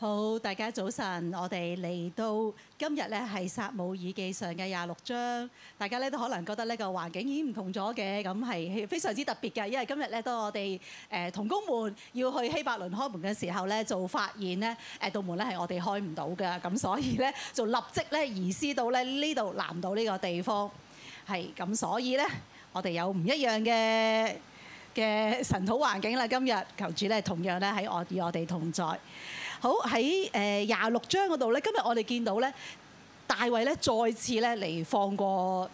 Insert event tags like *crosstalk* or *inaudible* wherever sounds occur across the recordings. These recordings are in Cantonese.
好，大家早晨。我哋嚟到今日咧，係撒母耳記上嘅廿六章。大家咧都可能覺得呢個環境已經唔同咗嘅，咁係非常之特別嘅。因為今日咧，當我哋誒同工們要去希伯倫開門嘅時候咧，就發現咧誒道門咧係我哋開唔到嘅，咁所以咧就立即咧移師到咧呢度南島呢個地方係咁，所以咧我哋有唔一樣嘅嘅晨禱環境啦。今日求主咧同樣咧喺我與我哋同在。好，喺誒廿六章嗰度咧，今日我哋見到咧，大衛咧再次咧嚟放過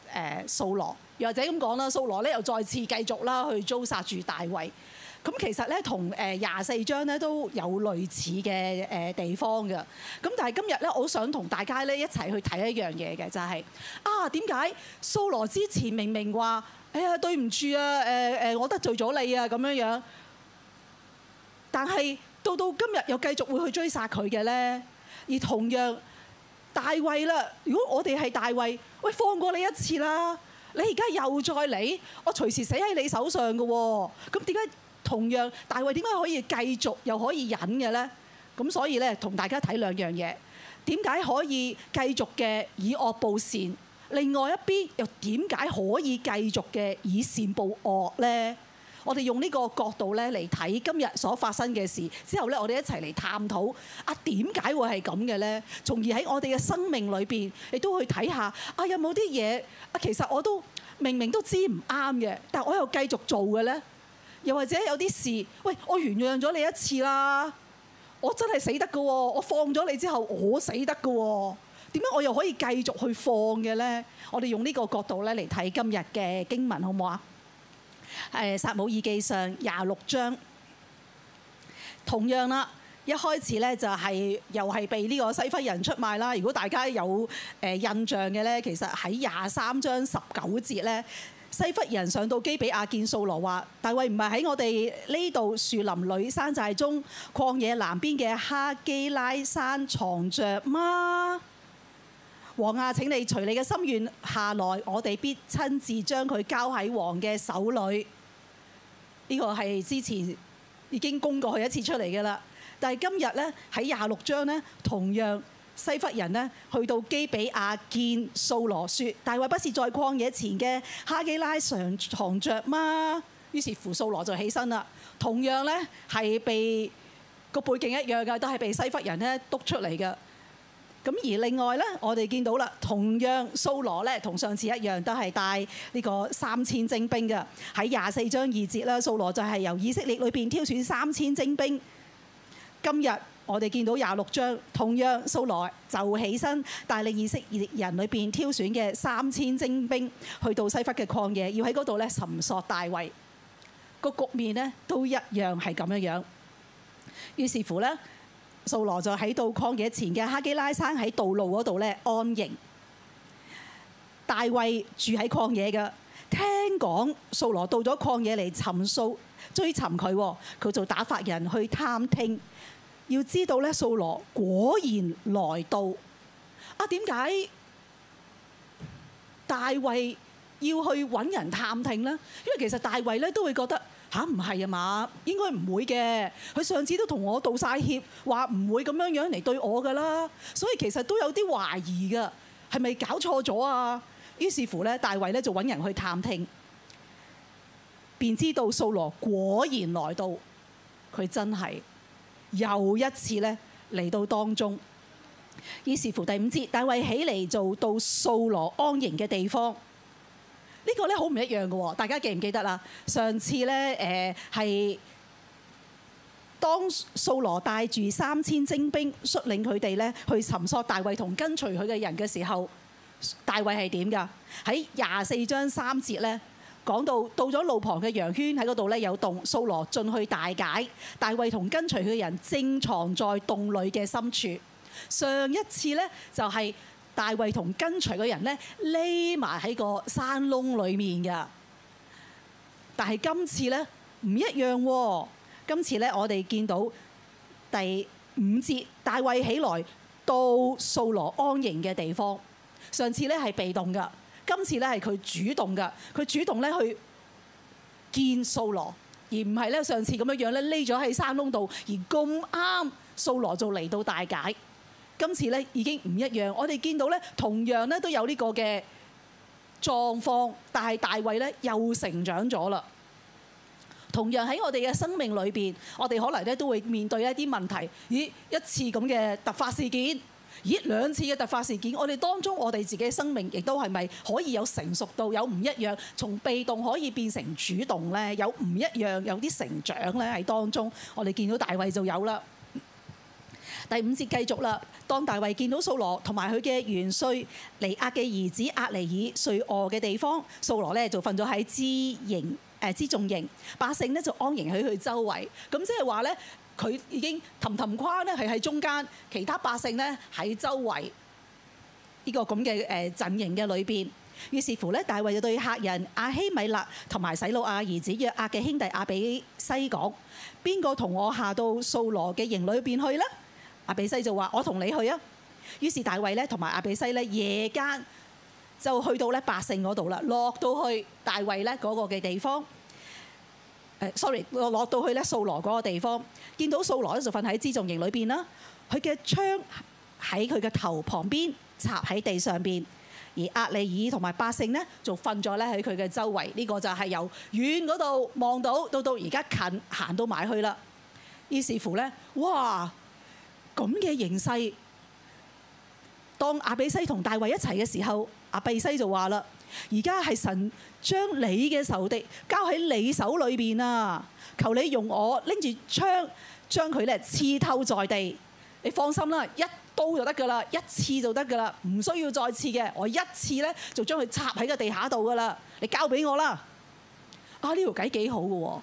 誒掃羅，又或者咁講啦，掃羅咧又再次繼續啦去遭殺住大衛。咁其實咧同誒廿四章咧都有類似嘅誒地方嘅。咁但係今日咧，我好想同大家咧一齊去睇一樣嘢嘅，就係啊點解掃羅之前明明話哎呀，對唔住啊，誒誒我得罪咗你啊咁樣樣，但係。到到今日又繼續會去追殺佢嘅呢？而同樣大衛啦，如果我哋係大衛，喂放過你一次啦，你而家又再嚟，我隨時死喺你手上嘅喎、哦，咁點解同樣大衛點解可以繼續又可以忍嘅呢？咁所以呢，同大家睇兩樣嘢，點解可以繼續嘅以惡報善？另外一邊又點解可以繼續嘅以善報惡呢？我哋用呢個角度咧嚟睇今日所發生嘅事，之後咧我哋一齊嚟探討啊點解會係咁嘅咧？從而喺我哋嘅生命裏邊，亦都去睇下啊有冇啲嘢啊其實我都明明都知唔啱嘅，但我又繼續做嘅咧？又或者有啲事，喂我原諒咗你一次啦，我真係死得噶，我放咗你之後我死得噶，點解我又可以繼續去放嘅咧？我哋用呢個角度咧嚟睇今日嘅經文好唔好啊？誒撒母耳記上廿六章，同樣啦，一開始咧就係、是、又係被呢個西弗人出賣啦。如果大家有誒印象嘅咧，其實喺廿三章十九節咧，西弗人上到基比亞見掃羅話：大衛唔係喺我哋呢度樹林裏山寨中，曠野南邊嘅哈基拉山藏着嗎？王啊！請你隨你嘅心願，下來，我哋必親自將佢交喺王嘅手裏。呢、這個係之前已經公告佢一次出嚟嘅啦。但係今日呢喺廿六章呢，同樣西弗人呢去到基比亞見掃羅説：大衛不是在曠野前嘅哈基拉上藏著嗎？於是乎掃羅就起身啦。同樣呢，係被個背景一樣嘅，都係被西弗人咧篤出嚟嘅咁而另外咧，我哋見到啦，同樣掃羅咧，同上次一樣都係帶呢個三千精兵嘅喺廿四章二節啦，掃羅就係由以色列裏邊挑選三千精兵。今日我哋見到廿六章，同樣掃羅就起身帶領以色列人裏邊挑選嘅三千精兵去到西弗嘅曠野，要喺嗰度咧尋索大衛。個局面咧都一樣係咁樣樣，於是乎咧。掃羅就喺到曠野前嘅哈基拉山喺道路嗰度咧安營，大衛住喺曠野嘅，聽講掃羅到咗曠野嚟尋數追尋佢，佢就打發人去探聽，要知道咧掃羅果然來到。啊點解大衛要去揾人探聽呢？因為其實大衛咧都會覺得。吓，唔係啊嘛，應該唔會嘅。佢上次都同我道曬歉，話唔會咁樣樣嚟對我噶啦。所以其實都有啲懷疑嘅，係咪搞錯咗啊？於是乎咧，大衛咧就揾人去探聽，便知道掃羅果然來到，佢真係又一次咧嚟到當中。於是乎第五節，大衛起嚟，就到掃羅安營嘅地方。呢個咧好唔一樣嘅喎，大家記唔記得啦？上次咧誒係當掃羅帶住三千精兵率領佢哋咧去尋索大衛同跟隨佢嘅人嘅時候，大衛係點㗎？喺廿四章三節咧講到到咗路旁嘅羊圈喺嗰度咧有洞，掃羅進去大解，大衛同跟隨佢嘅人正藏在洞裏嘅深處。上一次咧就係、是。大衛同跟隨嘅人呢匿埋喺個山窿裏面嘅。但係今次呢唔一樣喎，今次呢我哋見到第五節，大衛起來到掃羅安營嘅地方。上次呢係被動嘅，今次呢係佢主動嘅，佢主動呢去見掃羅，而唔係呢上次咁樣樣呢匿咗喺山窿度，而咁啱掃羅就嚟到大解。今次咧已經唔一樣，我哋見到咧同樣咧都有呢個嘅狀況，但係大衛咧又成長咗啦。同樣喺我哋嘅生命裏邊，我哋可能咧都會面對一啲問題，咦一次咁嘅突發事件，咦兩次嘅突發事件，我哋當中我哋自己嘅生命亦都係咪可以有成熟度有唔一樣，從被動可以變成主動咧？有唔一樣，有啲成長咧喺當中，我哋見到大衛就有啦。第五節繼續啦。當大衛見到掃羅同埋佢嘅元帥尼亞嘅兒子亞尼爾睡卧嘅地方，掃羅呢就瞓咗喺輜營誒輜重營，百姓呢就安營喺佢周圍。咁即係話呢，佢已經氹氹跨咧係喺中間，其他百姓呢喺周圍呢、呢個咁嘅誒陣營嘅裏邊。於是乎呢，大衛就對客人阿希米勒同埋洗魯雅兒子約押嘅兄弟亞比西講：邊個同我下到掃羅嘅營裏邊去呢？阿比西就話：我同你去啊。於是大衛咧，同埋阿比西咧，夜間就去到咧百姓嗰度啦。落到去大衛咧嗰個嘅地方，誒，sorry 落落到去咧掃羅嗰個地方，見到掃羅咧就瞓喺輜重營裏邊啦。佢嘅槍喺佢嘅頭旁邊插喺地上邊，而押尼珥同埋百姓咧就瞓咗咧喺佢嘅周圍。呢、這個就係由遠嗰度望到到到而家近行到埋去啦。於是乎咧，哇！咁嘅形勢，當阿比西同大衛一齊嘅時候，阿比西就話啦：而家係神將你嘅仇敵交喺你手裏邊啊！求你用我拎住槍將佢咧刺透在地。你放心啦，一刀就得噶啦，一次就得噶啦，唔需要再次嘅。我一次咧就將佢插喺個地下度噶啦。你交俾我啦。啊，呢條計幾好嘅喎？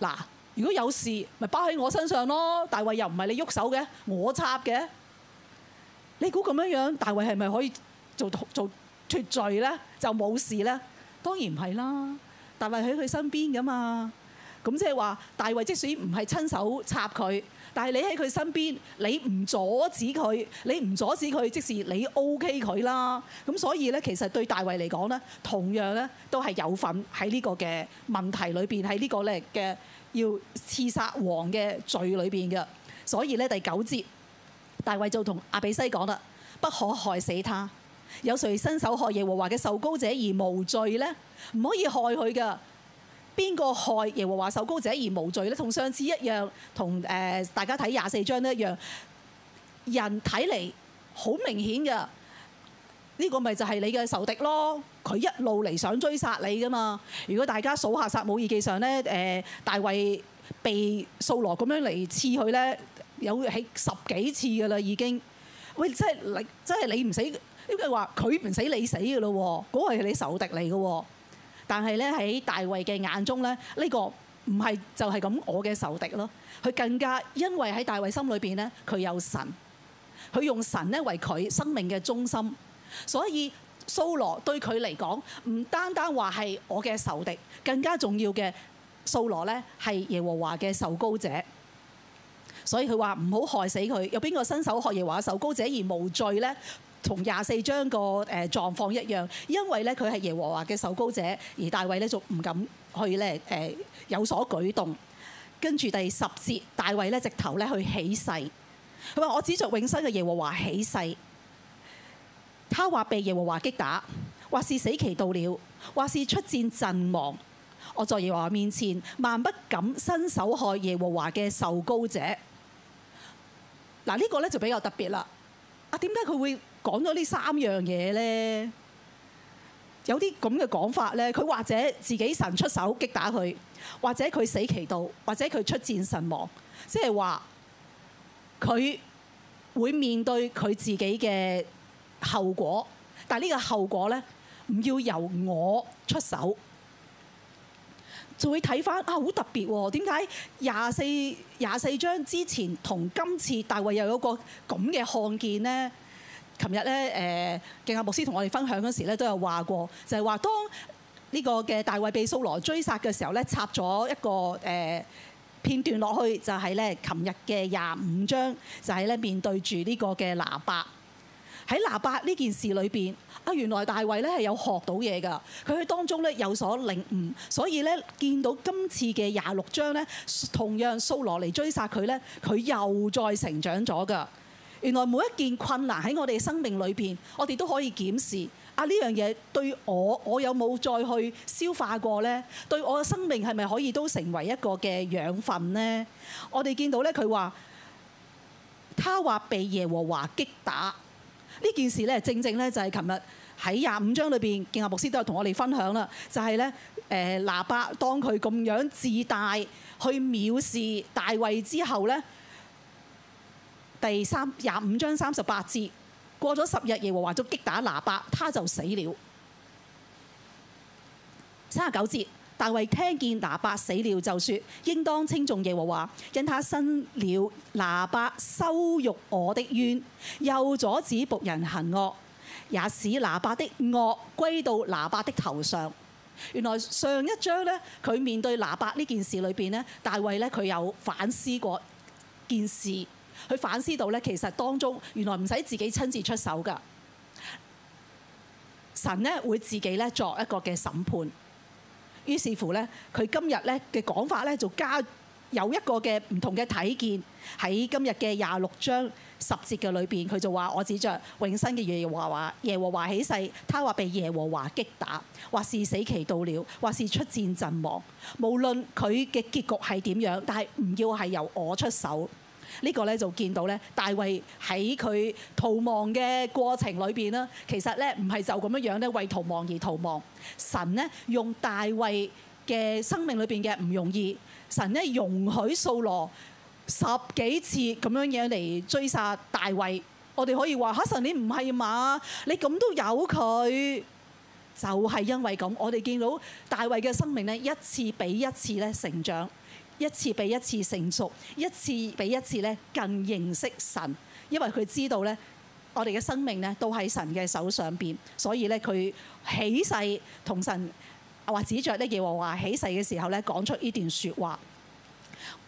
嗱。如果有事，咪包喺我身上咯。大衛又唔係你喐手嘅，我插嘅。你估咁樣樣大衛係咪可以做做脫罪咧？就冇事咧？當然唔係啦。大衛喺佢身邊㗎嘛，咁即係話大衛即使唔係親手插佢，但係你喺佢身邊，你唔阻止佢，你唔阻止佢，即使你 OK 佢啦。咁所以咧，其實對大衛嚟講咧，同樣咧都係有份喺呢個嘅問題裏邊，喺呢個咧嘅。要刺殺王嘅罪裏邊嘅，所以咧，第九節，大衛就同亞比西講啦：不可害死他。有誰伸手害耶和華嘅受膏者而無罪呢？唔可以害佢㗎。邊個害耶和華受膏者而無罪呢？同上次一樣，同誒大家睇廿四章都一樣，人睇嚟好明顯㗎。呢個咪就係你嘅仇敵咯。佢一路嚟想追殺你噶嘛。如果大家數下《撒母耳記》上咧，誒，大衛被掃羅咁樣嚟刺佢咧，有喺十幾次噶啦，已經喂，真係你即係你唔死，應該話佢唔死，你死噶咯。嗰、嗰個係你仇敵嚟噶。但係咧喺大衛嘅眼中咧，呢、呢個唔係就係咁我嘅仇敵咯。佢更加因為喺大衛心裏邊咧，佢有神，佢用神咧為佢生命嘅中心。所以掃羅對佢嚟講，唔單單話係我嘅仇敵，更加重要嘅掃羅呢，係耶和華嘅受膏者，所以佢話唔好害死佢。有邊個伸手害耶和華受膏者而無罪呢？同廿四章個誒狀況一樣，因為呢，佢係耶和華嘅受膏者，而大衛呢就唔敢去咧誒、呃、有所舉動。跟住第十節，大衛呢直頭咧去起誓，佢話：我指著永生嘅耶和華起誓。他話被耶和華擊打，或是死期到了，或是出戰陣亡。我在耶和華面前萬不敢伸手害耶和華嘅受膏者。嗱，呢個咧就比較特別啦。啊，點解佢會講咗呢三樣嘢咧？有啲咁嘅講法咧，佢或者自己神出手擊打佢，或者佢死期到，或者佢出戰神亡，即係話佢會面對佢自己嘅。後果，但係呢個後果咧，唔要由我出手，就會睇返啊！好特別喎，點解廿四廿四章之前同今次大衛又有一個咁嘅看見呢？琴日咧，誒、呃、敬亞牧師同我哋分享嗰時咧，都有話過，就係、是、話當呢個嘅大衛被掃羅追殺嘅時候咧，插咗一個誒、呃、片段落去，就係咧琴日嘅廿五章，就係、是、咧面對住呢個嘅拿八。喺拿八呢件事裏邊，啊原來大衛咧係有學到嘢噶，佢喺當中咧有所領悟，所以咧見到今次嘅廿六章咧，同樣掃羅嚟追殺佢咧，佢又再成長咗噶。原來每一件困難喺我哋生命裏邊，我哋都可以檢視，啊呢樣嘢對我，我有冇再去消化過咧？對我嘅生命係咪可以都成為一個嘅養分咧？我哋見到咧佢話，他話被耶和華擊打。呢件事咧，正正咧就係琴日喺廿五章裏面，敬亞牧師都有同我哋分享喇。就係咧誒，拿八當佢咁樣自大去藐視大衛之後呢，第三廿五章三十八節，過咗十日，耶和華就擊打拿八，他就死了。三十九節。大衛聽見拿八死了，就說：應當稱頌耶和華，因他伸了拿八羞辱我的冤，又阻止僕人行惡，也使拿八的惡歸到拿八的頭上。原來上一章呢，佢面對拿八呢件事裏邊呢，大衛呢，佢有反思過件事，佢反思到呢，其實當中原來唔使自己親自出手噶，神呢，會自己呢作一個嘅審判。於是乎咧，佢今日的嘅講法就加有一個嘅唔同嘅體見喺今日嘅廿六章十節嘅裏邊，佢就話：我指着永生嘅耶和華，耶和華起誓他話被耶和華擊打，或是死期到了，或是出戰陣亡，無論佢嘅結局係點樣，但係唔要係由我出手。呢個咧就見到咧，大衛喺佢逃亡嘅過程裏邊呢，其實咧唔係就咁樣樣咧為逃亡而逃亡。神呢，用大衛嘅生命裏邊嘅唔容易，神呢，容許掃羅十幾次咁樣樣嚟追殺大衛。我哋可以話吓神，你唔係嘛？你咁都有佢，就係因為咁，我哋見到大衛嘅生命咧一次比一次咧成長。一次比一次成熟，一次比一次更認識神，因為佢知道我哋嘅生命都喺神嘅手上邊，所以咧佢起誓同神或者指著耶和華起誓嘅時候咧講出呢段説話，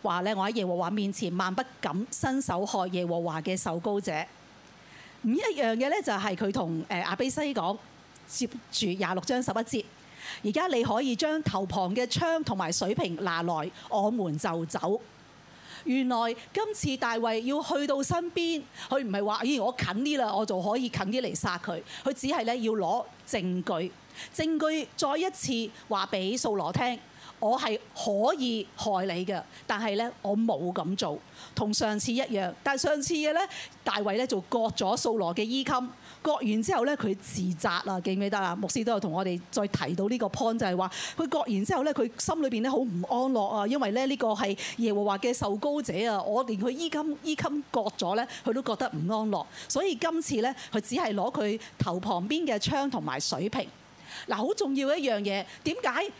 話我喺耶和華面前萬不敢伸手害耶和華嘅受膏者。唔一樣嘅就係佢同阿卑西講，接住廿六章十一節。而家你可以將頭旁嘅槍同埋水瓶拿來，我們就走。原來今次大衛要去到身邊，佢唔係話：咦，我近啲啦，我就可以近啲嚟殺佢。佢只係咧要攞證據，證據再一次話俾掃羅聽。我係可以害你嘅，但係咧我冇咁做，同上次一樣。但上次嘅咧，大衛咧就割咗掃羅嘅衣襟，割完之後咧佢自責啊，記唔記得啊？牧師都有同我哋再提到呢個 point，就係話佢割完之後咧，佢心裏邊咧好唔安樂啊，因為咧呢個係耶和華嘅受膏者啊，我連佢衣襟衣襟割咗咧，佢都覺得唔安樂。所以今次咧，佢只係攞佢頭旁邊嘅槍同埋水瓶。嗱，好重要的一樣嘢，點解？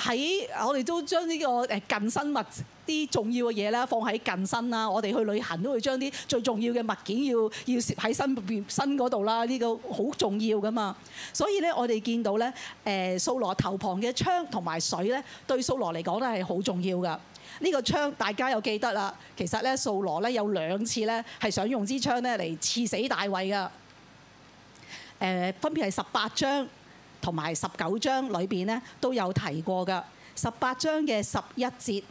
喺我哋都將呢個誒近身物啲重要嘅嘢咧放喺近身啦，我哋去旅行都會將啲最重要嘅物件要要擺喺身邊身嗰度啦，呢、這個好重要㗎嘛。所以咧，我哋見到咧，誒掃羅頭旁嘅槍同埋水咧，對掃羅嚟講咧係好重要㗎。呢、這個槍大家又記得啦，其實咧掃羅咧有兩次咧係想用支槍咧嚟刺死大衛㗎，誒、呃、分別係十八章。同埋十九章裏邊呢都有提過嘅十八章嘅十一節，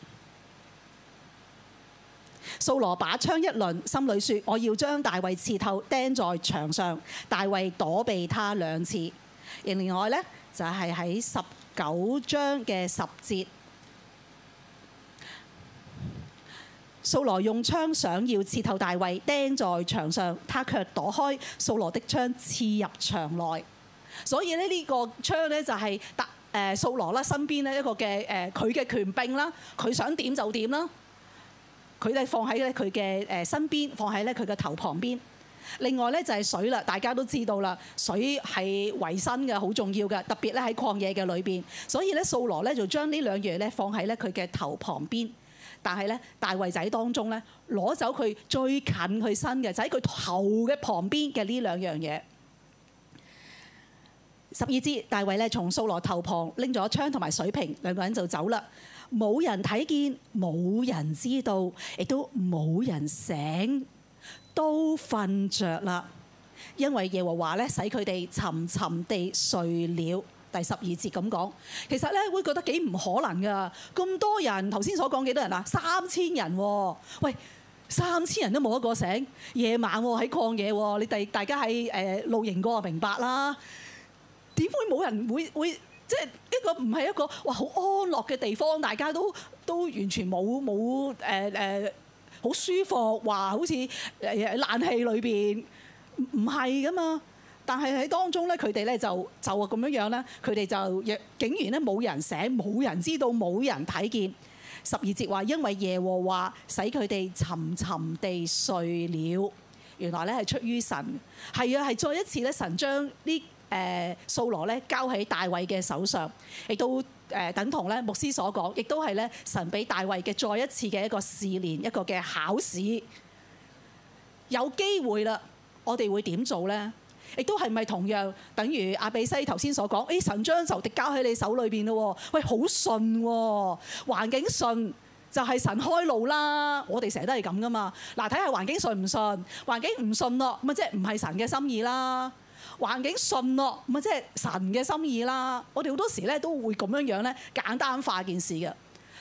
掃羅把槍一輪，心裏説：我要將大衛刺透，釘在牆上。大衛躲避他兩次。而另外呢，就係喺十九章嘅十節，掃羅用槍想要刺透大衛，釘在牆上，他卻躲開掃羅的槍，刺入牆內。所以咧，呢個槍咧就係大誒掃羅啦身邊咧一個嘅誒佢嘅權柄啦，佢想點就點啦。佢哋放喺咧佢嘅誒身邊，放喺咧佢嘅頭旁邊。另外咧就係水啦，大家都知道啦，水係維生嘅，好重要嘅，特別咧喺曠野嘅裏邊。所以咧掃羅咧就將呢兩樣嘢咧放喺咧佢嘅頭旁邊。但係咧大衛仔當中咧攞走佢最近佢身嘅，就喺、是、佢頭嘅旁邊嘅呢兩樣嘢。十二節大衛咧從掃羅頭旁拎咗槍同埋水瓶，兩個人就走啦。冇人睇見，冇人知道，亦都冇人醒，都瞓着啦。因為耶和華咧使佢哋沉沉地睡了。第十二節咁講，其實咧會覺得幾唔可能㗎。咁多人，頭先所講幾多人啊？三千人喎。喂，三千人都冇一個醒。夜晚喺曠野喎，你哋大家喺誒露營過，明白啦。點會冇人會會即係一個，唔係一個哇，好安樂嘅地方，大家都都完全冇冇誒誒好舒服，話好似誒冷氣裏邊唔係噶嘛。但係喺當中咧，佢哋咧就就咁樣樣咧，佢哋就若竟然咧冇人醒，冇人知道，冇人睇見。十二節話因為耶和華使佢哋沉沉地睡了，原來咧係出於神，係啊係再一次咧神將呢。誒掃羅咧交喺大衛嘅手上，亦都誒等同咧牧師所講，亦都係咧神俾大衛嘅再一次嘅一個試煉，一個嘅考試。有機會啦，我哋會點做咧？亦都係咪同樣等於阿比西頭先所講？誒神將仇敵交喺你手裏邊咯，喂，好順喎，環境順就係神開路啦。我哋成日都係咁噶嘛。嗱，睇下環境順唔順，環境唔順咯，咪即係唔係神嘅心意啦。環境順咯、啊，咪即係神嘅心意啦。我哋好多時咧都會咁樣樣咧簡單化件事嘅。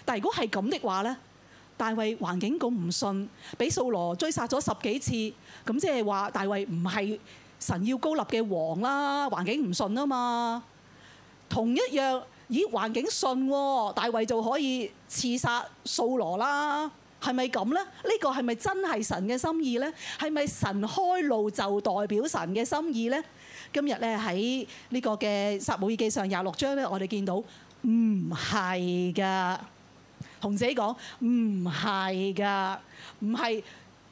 但係如果係咁的話咧，大衛環境咁唔順，俾掃羅追殺咗十幾次，咁即係話大衛唔係神要膏立嘅王啦。環境唔順啊嘛。同一樣，咦環境順、啊，大衛就可以刺殺掃羅啦。係咪咁咧？呢、呢個係咪真係神嘅心意咧？係咪神開路就代表神嘅心意咧？今日咧喺呢個嘅撒母耳記上廿六章咧，我哋見到唔係㗎，同自己講唔係㗎，唔係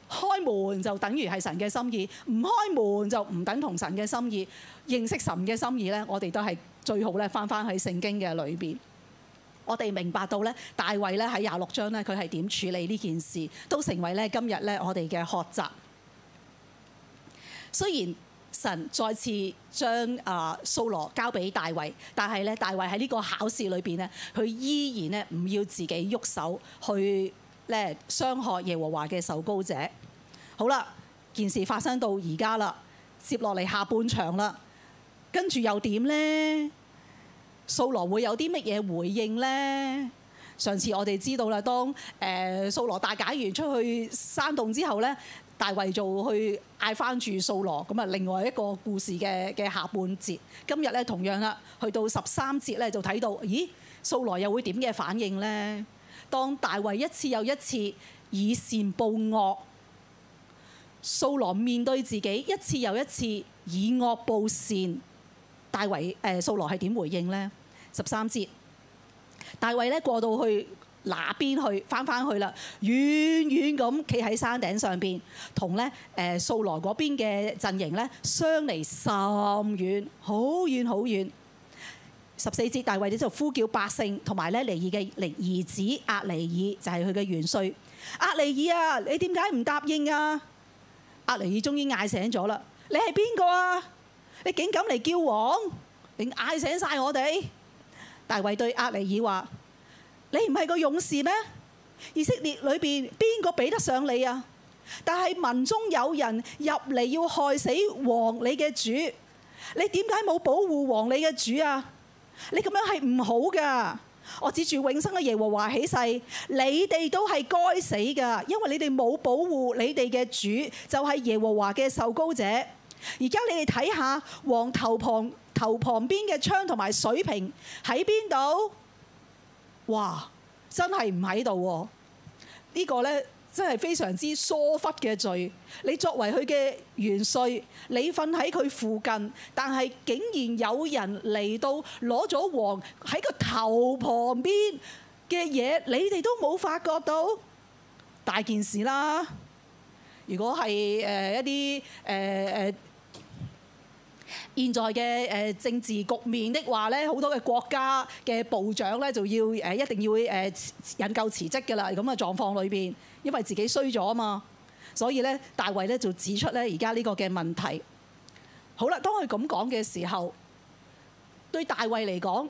開門就等於係神嘅心意，唔開門就唔等同神嘅心意。認識神嘅心意咧，我哋都係最好咧，翻翻喺聖經嘅裏邊，我哋明白到咧，大衛咧喺廿六章咧，佢係點處理呢件事，都成為咧今日咧我哋嘅學習。雖然，神再次將啊掃羅交俾大衛，但係咧大衛喺呢個考試裏邊咧，佢依然呢唔要自己喐手去咧傷害耶和華嘅受膏者。好啦，件事發生到而家啦，接落嚟下半場啦，跟住又點呢？掃羅會有啲乜嘢回應呢？上次我哋知道啦，當誒掃羅大解完出去山洞之後呢。大衛就去嗌翻住掃羅，咁啊，另外一個故事嘅嘅下半節，今日咧同樣啦，去到十三節咧就睇到，咦，掃羅又會點嘅反應呢？當大衛一次又一次以善報惡，掃羅面對自己一次又一次以惡報善，大衛誒掃羅係點回應呢？十三節，大衛咧過到去。哪邊去返返去啦？遠遠咁企喺山頂上邊，同咧誒掃羅嗰邊嘅陣營咧，相離甚遠，好遠好遠。十四節大衛就呼叫百姓，同埋咧尼珥嘅兒兒子押尼珥就係佢嘅元帥。押尼珥啊，你點解唔答應啊？押尼珥終於嗌醒咗啦！你係邊個啊？你竟敢嚟叫王？你嗌醒晒我哋！大衛對押尼珥話。你唔係個勇士咩？以色列裏邊邊個比得上你啊？但係民中有人入嚟要害死王，你嘅主，你點解冇保護王，你嘅主啊？你咁樣係唔好噶。我指住永生嘅耶和華起誓，你哋都係該死噶，因為你哋冇保護你哋嘅主，就係、是、耶和華嘅受膏者。而家你哋睇下王頭旁頭旁邊嘅槍同埋水瓶喺邊度？哇！真係唔喺度喎，呢個呢，真係非常之疏忽嘅罪。你作為佢嘅元帥，你瞓喺佢附近，但係竟然有人嚟到攞咗王喺個頭旁邊嘅嘢，你哋都冇發覺到？大件事啦！如果係誒一啲誒誒。呃呃現在嘅誒政治局面的話咧，好多嘅國家嘅部長咧就要誒一定要會引咎辭職嘅啦，咁嘅狀況裏邊，因為自己衰咗啊嘛，所以咧大衛咧就指出咧而家呢個嘅問題。好啦，當佢咁講嘅時候，對大衛嚟講，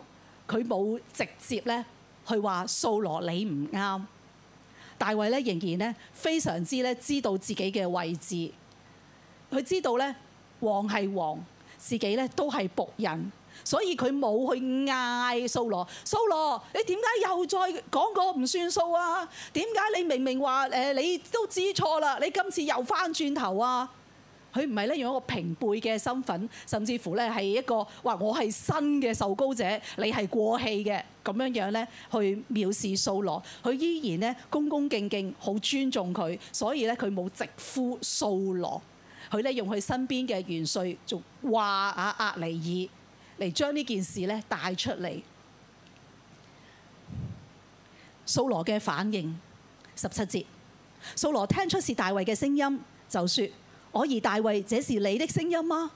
佢冇直接咧去話掃羅你唔啱。大衛咧仍然咧非常之咧知道自己嘅位置，佢知道咧王係王。自己咧都係僕人，所以佢冇去嗌掃羅。掃羅，你點解又再講個唔算數啊？點解你明明話誒你都知錯啦？你今次又返轉頭啊？佢唔係咧用一個平輩嘅身份，甚至乎咧係一個話我係新嘅受膏者，你係過氣嘅咁樣樣咧去藐視掃羅。佢依然咧恭恭敬敬，好尊重佢，所以咧佢冇直呼掃羅。佢咧用佢身邊嘅元帥，仲話啊阿、啊、尼爾嚟將呢件事咧帶出嚟。掃羅嘅反應，十七節，掃羅聽出是大衛嘅聲音，就説：我兒大衛，這是你的聲音嗎、啊？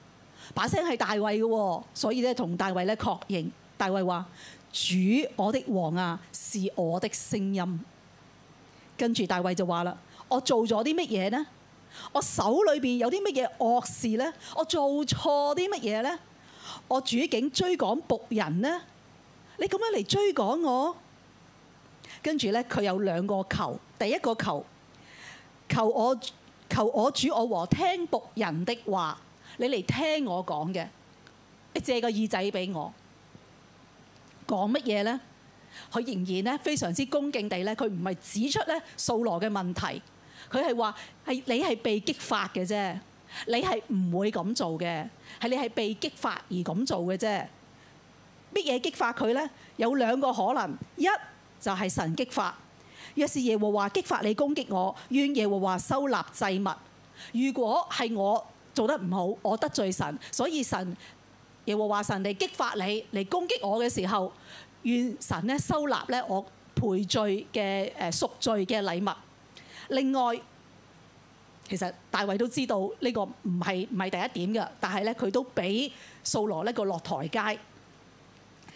把聲係大衛嘅喎，所以咧同大衛咧確認。大衛話：主我的王啊，是我的聲音。跟住大衛就話啦：我做咗啲乜嘢呢？我手裏邊有啲乜嘢惡事呢？我做錯啲乜嘢呢？我主警追趕僕人呢？你咁樣嚟追趕我？跟住呢，佢有兩個求，第一個求，求我，求我主我和聽僕人的話，你嚟聽我講嘅，你借個耳仔俾我，講乜嘢呢？佢仍然呢非常之恭敬地呢，佢唔係指出呢掃羅嘅問題。佢係話係你係被激發嘅啫，你係唔會咁做嘅，係你係被激發而咁做嘅啫。乜嘢激發佢呢？有兩個可能，一就係神激發，若是耶和華激發你攻擊我，願耶和華收納祭物。如果係我做得唔好，我得罪神，所以神耶和華神嚟激發你嚟攻擊我嘅時候，願神呢收納呢我賠罪嘅誒贖罪嘅禮物。另外，其實大衛都知道呢個唔係唔係第一點嘅，但係他佢都俾掃羅一個落台階。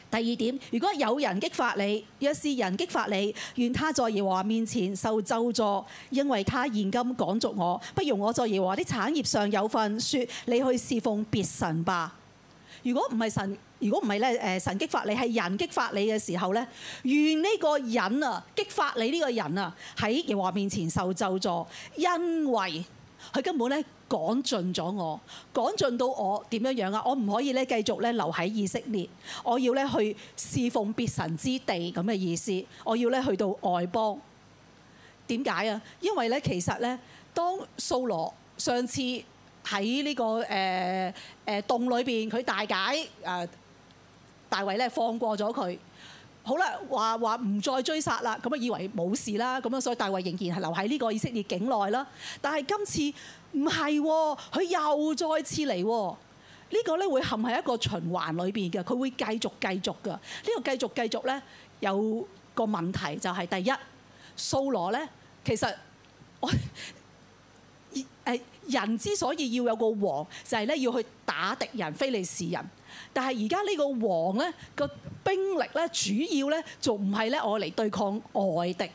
第二點，如果有人激發你，若是人激發你，願他在耶和華面前受咒詛，因為他現今趕逐我。不如我在耶和華的產業上有份，説你去侍奉別神吧。如果唔係神。如果唔係咧，誒神激發你係人激發你嘅時候咧，願呢個人啊，激發你呢個人啊喺耶和華面前受咒詛。因為佢根本咧趕盡咗我，趕盡到我點樣樣啊？我唔可以咧繼續咧留喺以色列，我要咧去侍奉別神之地咁嘅、這個、意思，我要咧去到外邦。點解啊？因為咧其實咧，當掃羅上次喺呢個誒誒洞裏邊佢大解啊～大衛咧放過咗佢，好啦，話話唔再追殺啦，咁啊以為冇事啦，咁啊所以大衛仍然係留喺呢個以色列境內啦。但係今次唔係，佢又再次嚟，呢個咧會陷喺一個循環裏邊嘅，佢會繼續繼續噶。呢個繼續繼續咧有個問題就係第一，掃羅咧其實我誒人之所以要有個王，就係咧要去打敵人，非利士人。但係而家呢個王咧，個兵力咧主要咧仲唔係咧愛嚟對抗外敵，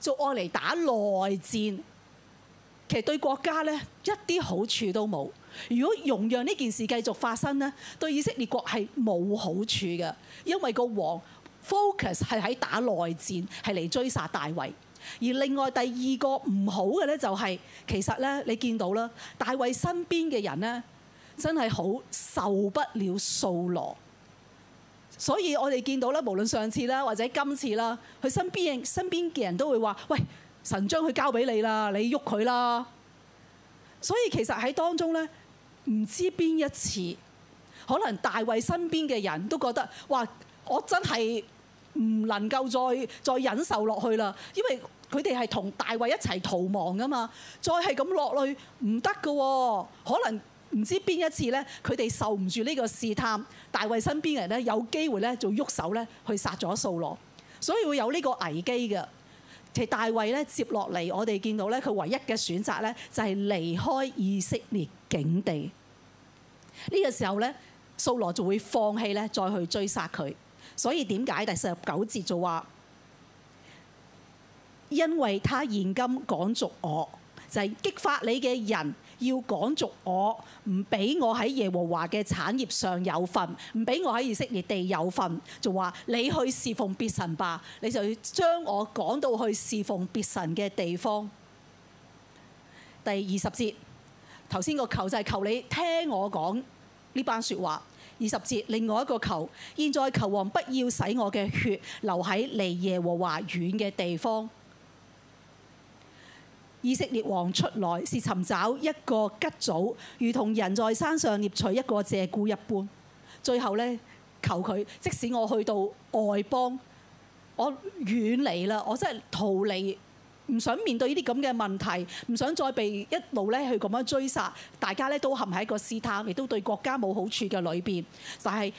就愛嚟打內戰。其實對國家咧一啲好處都冇。如果容讓呢件事繼續發生呢，對以色列國係冇好處嘅，因為個王 focus 係喺打內戰，係嚟追殺大衛。而另外第二個唔好嘅咧就係、是、其實咧你見到啦，大衛身邊嘅人咧。真係好受不了掃羅，所以我哋見到咧，無論上次啦，或者今次啦，佢身邊嘅身邊嘅人都會話，喂，神將佢交俾你啦，你喐佢啦。所以其實喺當中咧，唔知邊一次，可能大衛身邊嘅人都覺得嘩，我真係唔能夠再再忍受落去啦，因為佢哋係同大衛一齊逃亡噶嘛，再係咁落去唔得噶，可能。唔知邊一次呢，佢哋受唔住呢個試探，大衛身邊人呢，有機會呢，就喐手呢，去殺咗掃羅，所以會有呢個危機嘅。其實大衛呢接落嚟，我哋見到呢，佢唯一嘅選擇呢，就係離開以色列境地。呢、呢個時候呢，掃羅就會放棄呢，再去追殺佢。所以點解第四十九節就話，因為他現今趕逐我，就係、是、激發你嘅人。要趕逐我，唔俾我喺耶和華嘅產業上有份，唔俾我喺以色列地有份，就話你去侍奉別神吧，你就要將我趕到去侍奉別神嘅地方。第二十節，頭先個求就係求你聽我講呢班説話。二十節，另外一個求，現在求王不要使我嘅血流喺離耶和華遠嘅地方。以色列王出來，是尋找一個虼蚤，如同人在山上獵取一個鷓鴣一般。最後呢，求佢即使我去到外邦，我遠離啦，我真係逃離，唔想面對呢啲咁嘅問題，唔想再被一路呢去咁樣追殺。大家呢都陷喺個試探，亦都對國家冇好處嘅裏邊。但係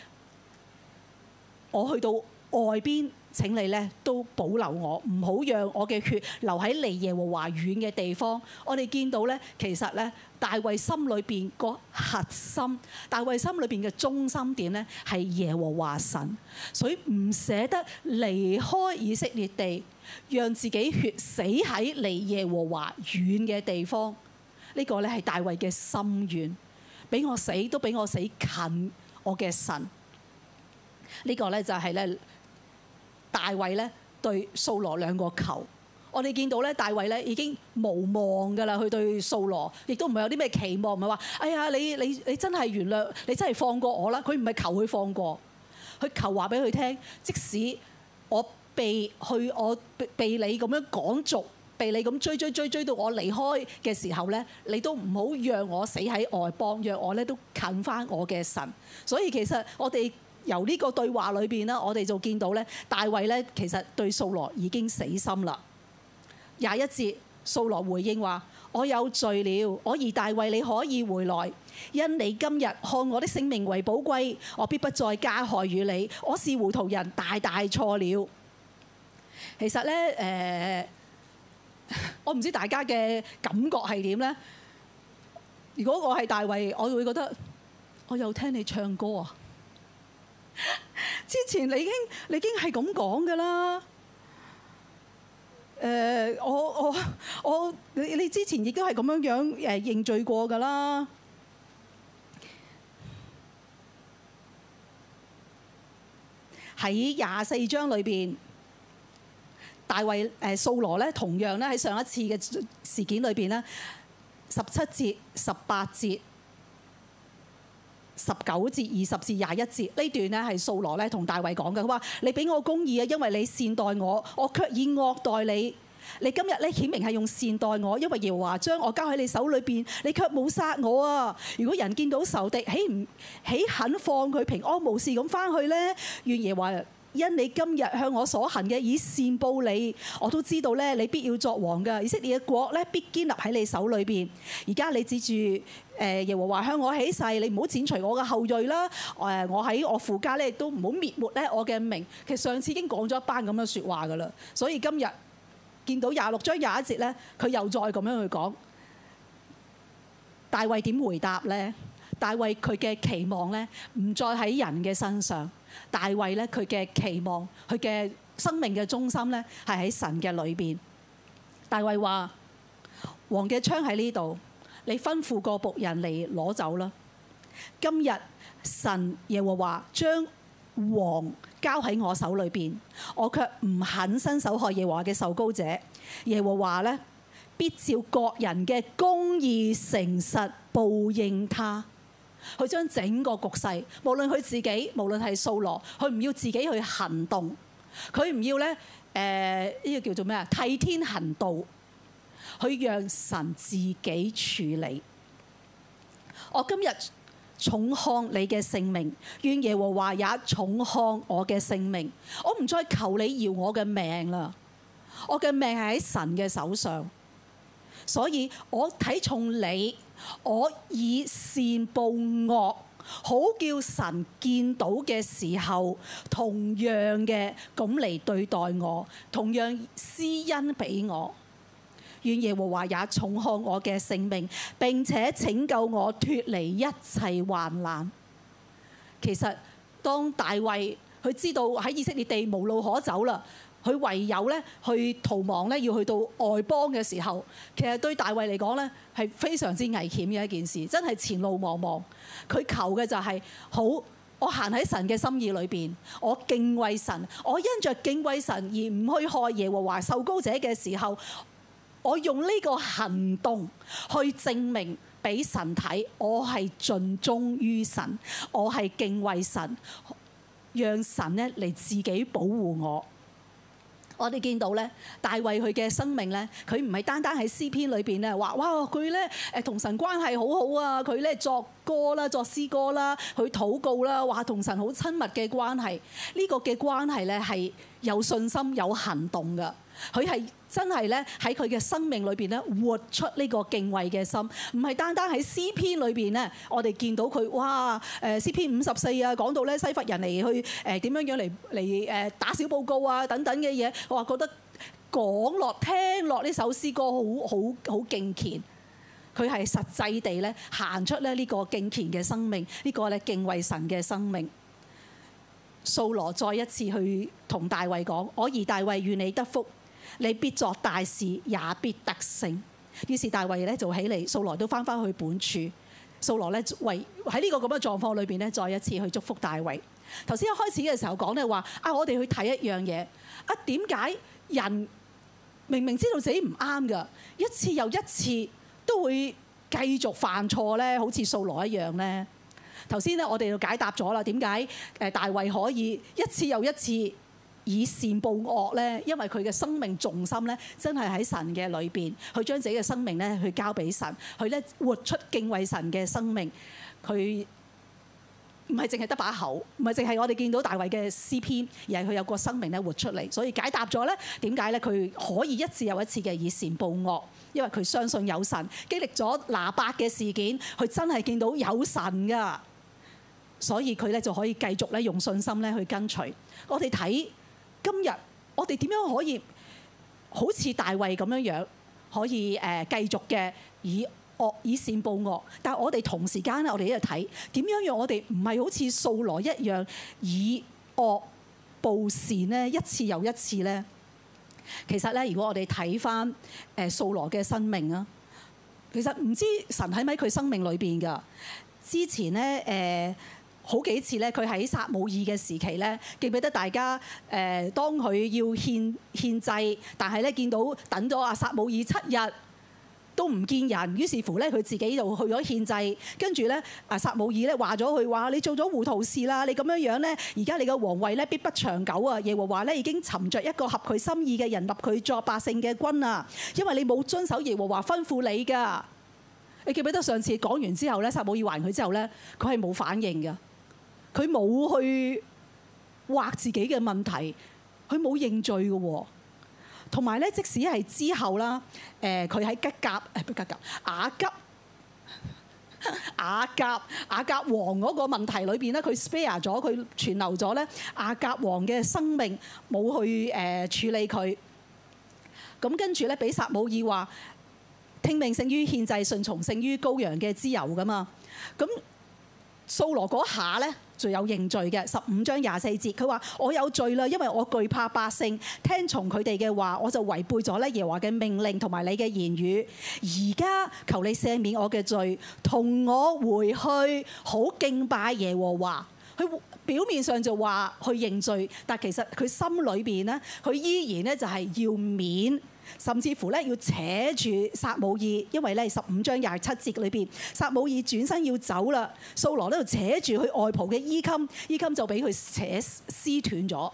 我去到外邊。請你咧都保留我，唔好讓我嘅血流喺離耶和華遠嘅地方。我哋見到咧，其實咧，大衛心裏邊個核心，大衛心裏邊嘅中心點咧係耶和華神，所以唔捨得離開以色列地，讓自己血死喺離耶和華遠嘅地方。呢個咧係大衛嘅心願，俾我死都俾我死近我嘅神。呢個咧就係咧。大衛咧對掃羅兩個求，我哋見到咧，大衛咧已經無望噶啦，佢對掃羅，亦都唔係有啲咩期望，唔係話哎呀，你你你真係原諒，你真係放過我啦。佢唔係求佢放過，佢求話俾佢聽，即使我被去我被你咁樣趕逐，被你咁追追追追到我離開嘅時候咧，你都唔好讓我死喺外邦，讓我咧都近返我嘅神。所以其實我哋。由呢個對話裏面，我哋就見到咧，大衛咧其實對掃羅已經死心啦。廿一節，掃羅回應話：我有罪了，我兒大衛你可以回來，因你今日看我的性命為寶貴，我必不再加害於你。我是糊塗人，大大錯了。其實咧、呃，我唔知大家嘅感覺係點呢？如果我係大衛，我會覺得我又聽你唱歌啊！之前你已經你已經係咁講噶啦，誒、呃，我我我，你你之前亦都係咁樣樣誒認罪過噶啦。喺廿四章裏邊，大衛誒掃羅咧，同樣咧喺上一次嘅事件裏邊咧，十七節、十八節。十九至二十至廿一節呢段呢，係掃羅咧同大衛講嘅，佢話：你俾我公義啊，因為你善待我，我卻以惡待你。你今日咧顯明係用善待我，因為耶和華將我交喺你手裏邊，你卻冇殺我啊！如果人見到仇敵，起唔起肯放佢平安無事咁翻去呢？願耶和因你今日向我所行嘅，以善報你，我都知道咧，你必要作王噶，以色列嘅國咧必堅立喺你手裏邊。而家你指住誒耶和華向我起誓，你唔好剪除我嘅後裔啦。誒我喺我父家咧都唔好滅沒咧我嘅名。其實上次已經講咗一班咁嘅說話噶啦，所以今日見到廿六章廿一節咧，佢又再咁樣去講。大衛點回答咧？大衛佢嘅期望咧唔再喺人嘅身上。大衛咧，佢嘅期望，佢嘅生命嘅中心咧，係喺神嘅裏邊。大衛話：王嘅槍喺呢度，你吩咐個僕人嚟攞走啦。今日神耶和華將王交喺我手裏邊，我卻唔肯伸手害耶和華嘅受膏者。耶和華咧必照各人嘅公義誠實報應他。佢將整個局勢，無論佢自己，無論係掃羅，佢唔要自己去行動，佢唔要咧呢、呃呢個叫做咩啊？替天行道，去讓神自己處理。我今日重看你嘅性命，願耶和華也重看我嘅性命。我唔再求你要我嘅命啦，我嘅命係喺神嘅手上，所以我睇重你。我以善報惡，好叫神見到嘅時候，同樣嘅咁嚟對待我，同樣施恩俾我。願耶和華也重看我嘅性命，並且拯救我脫離一切患難。其實當大衛佢知道喺以色列地無路可走啦。佢唯有咧去逃亡咧，要去到外邦嘅時候，其實對大衛嚟講咧係非常之危險嘅一件事，真係前路茫茫。佢求嘅就係好，我行喺神嘅心意裏邊，我敬畏神，我因着敬畏神而唔去害耶和華受膏者嘅時候，我用呢個行動去證明俾神睇，我係盡忠於神，我係敬畏神，讓神呢嚟自己保護我。我哋見到呢，大衛佢嘅生命呢，佢唔係單單喺詩篇裏面咧話，哇佢呢同神關係好好啊，佢呢作歌啦作詩歌啦，佢禱告啦，話同神好親密嘅關係。呢、這個嘅關係呢係有信心有行動㗎。佢係真係咧喺佢嘅生命裏邊咧，活出呢個敬畏嘅心，唔係單單喺詩篇裏邊呢，我哋見到佢哇誒詩篇五十四啊，講到咧西弗人嚟去誒點樣樣嚟嚟誒打小報告啊等等嘅嘢，我話覺得講落聽落呢首詩歌好好好敬虔，佢係實際地咧行出咧呢個敬虔嘅生命，呢個咧敬畏神嘅生命。掃羅再一次去同大衛講：我兒大衛，願你得福。你必作大事，也必得勝。於是大衛咧就起嚟，掃羅都翻返去本處。掃羅咧為喺呢個咁嘅狀況裏邊咧，再一次去祝福大衛。頭先一開始嘅時候講咧話啊，我哋去睇一樣嘢啊，點解人明明知道自己唔啱㗎，一次又一次都會繼續犯錯咧？好似掃羅一樣咧。頭先咧我哋就解答咗啦，點解誒大衛可以一次又一次？以善報惡咧，因為佢嘅生命重心咧，真係喺神嘅裏邊，佢將自己嘅生命咧去交俾神，佢咧活出敬畏神嘅生命。佢唔係淨係得把口，唔係淨係我哋見到大衛嘅詩篇，而係佢有個生命咧活出嚟。所以解答咗咧，點解咧佢可以一次又一次嘅以善報惡？因為佢相信有神，經歷咗拿八嘅事件，佢真係見到有神㗎，所以佢咧就可以繼續咧用信心咧去跟隨。我哋睇。今日我哋點樣可以好似大衛咁樣樣，可以誒繼、呃、續嘅以惡以善報惡，但係我哋同時間咧，我哋喺度睇點樣讓我哋唔係好似掃羅一樣以惡報善咧，一次又一次呢？其實咧，如果我哋睇翻誒掃羅嘅生命啊，其實唔知神喺咪佢生命裏邊噶。之前咧誒。呃好幾次咧，佢喺撒母耳嘅時期咧，記唔記得大家誒？當佢要獻獻祭，但係咧見到等咗阿撒母耳七日都唔見人，於是乎咧佢自己就去咗獻祭，跟住咧阿撒母耳咧話咗佢話：你做咗胡塗事啦！你咁樣樣咧，而家你個皇位咧必不長久啊！耶和華咧已經尋著一個合佢心意嘅人立佢作百姓嘅君啊，因為你冇遵守耶和華吩咐你㗎。你記唔記得上次講完之後咧，撒母耳還佢之後咧，佢係冇反應㗎。佢冇去話自己嘅問題，佢冇認罪嘅喎。同埋咧，即使係之後啦，佢喺吉甲誒不吉甲亞吉亞甲亞甲王嗰個問題裏面咧，佢 spare 咗佢存留咗咧亞甲王嘅生命，冇去誒處理佢。咁跟住咧，俾撒母耳話：聽命勝於獻祭，順從勝於羔羊嘅脂油噶嘛。咁掃羅嗰下咧？仲有認罪嘅十五章廿四節，佢話我有罪啦，因為我懼怕百姓，聽從佢哋嘅話，我就違背咗咧耶和華嘅命令同埋你嘅言語。而家求你赦免我嘅罪，同我回去好敬拜耶和華。佢表面上就話去認罪，但其實佢心裏邊呢，佢依然呢就係要免。甚至乎咧要扯住撒母耳，因為咧十五章廿七節裏邊，撒母耳轉身要走啦，掃羅喺度扯住佢外袍嘅衣襟，衣襟就俾佢扯撕斷咗。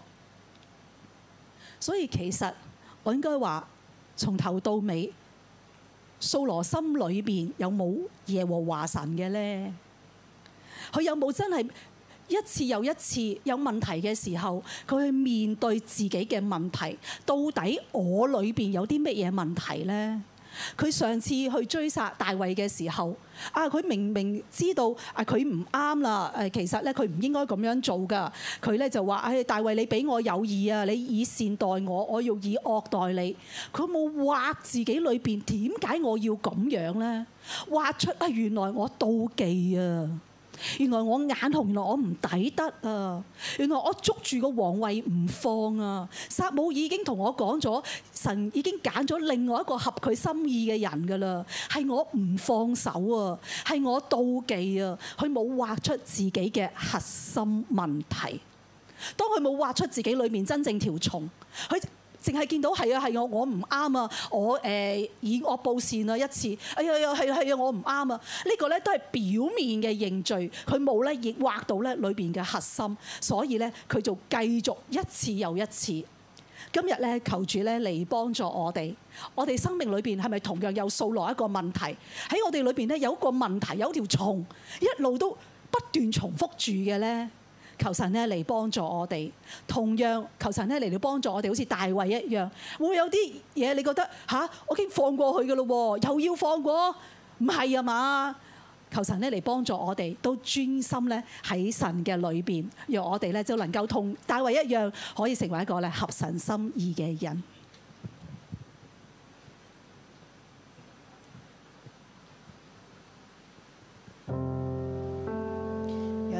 所以其實我應該話，從頭到尾，掃羅心裏邊有冇耶和華神嘅咧？佢有冇真係？一次又一次有問題嘅時候，佢去面對自己嘅問題，到底我裏邊有啲乜嘢問題呢？佢上次去追殺大衛嘅時候，啊，佢明明知道啊，佢唔啱啦，誒，其實咧，佢唔應該咁樣做噶。佢咧就話：誒，大衛，你俾我有意啊，你以善待我，我要以惡待你。佢冇搲自己裏邊，點解我要咁樣呢？搲出啊，原來我妒忌啊！原來我眼紅，原來我唔抵得啊！原來我捉住個皇位唔放啊！撒母已經同我講咗，神已經揀咗另外一個合佢心意嘅人㗎啦，係我唔放手啊，係我妒忌啊，佢冇挖出自己嘅核心問題，當佢冇挖出自己裏面真正條蟲，佢。淨係見到係啊係我，我唔啱啊！我誒、呃、以惡報善啊一次，哎呀呀係啊係啊我唔啱啊！呢、啊這個咧都係表面嘅認罪，佢冇咧亦畫到咧裏邊嘅核心，所以咧佢就繼續一次又一次。今日咧求主咧嚟幫助我哋，我哋生命裏邊係咪同樣有數落一個問題？喺我哋裏邊咧有一個問題，有一條蟲一路都不斷重複住嘅咧。求神咧嚟幫助我哋，同樣求神咧嚟到幫助我哋，好似大衛一樣，會有啲嘢你覺得吓、啊，我已經放過去噶咯，又要放過，唔係啊嘛？求神咧嚟幫助我哋，都專心咧喺神嘅裏邊，讓我哋咧就能夠同大衛一樣，可以成為一個咧合神心意嘅人。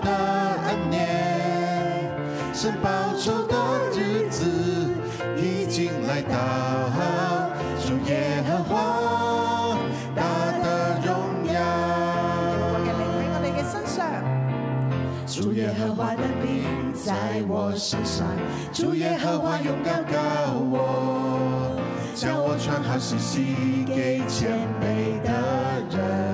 的恩年，是報仇的日子已經來到好。主耶和華大的榮耀，主耶,身上主耶和華的靈在我身上，主耶和華用膏膏我，叫我傳好信息給謙卑的人。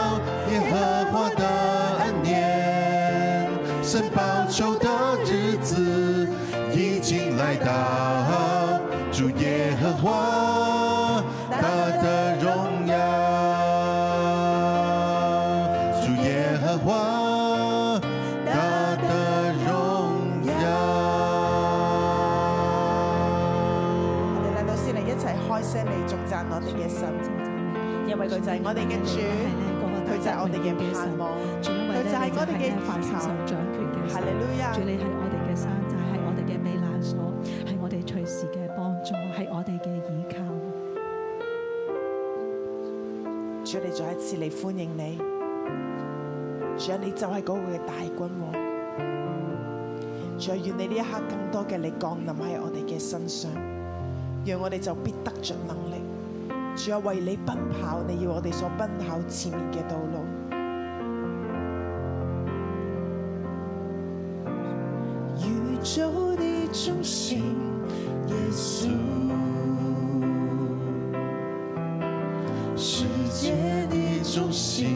就係我哋嘅主，佢就係我哋嘅盼望，佢就係我哋嘅凡事上，掌權嘅，主你係我哋嘅山寨，係我哋嘅避難所，係我哋隨時嘅幫助，係我哋嘅依靠。主你再一次嚟歡迎你，主你就係嗰個嘅大君王，再願你呢一刻更多嘅你降臨喺我哋嘅身上，讓我哋就必得着能力。主要為你奔跑，你要我哋所奔跑前面嘅道路。 *music* 宇宙的中心，耶穌；世界的中心，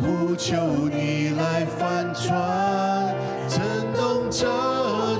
不求你來翻轉，震動這。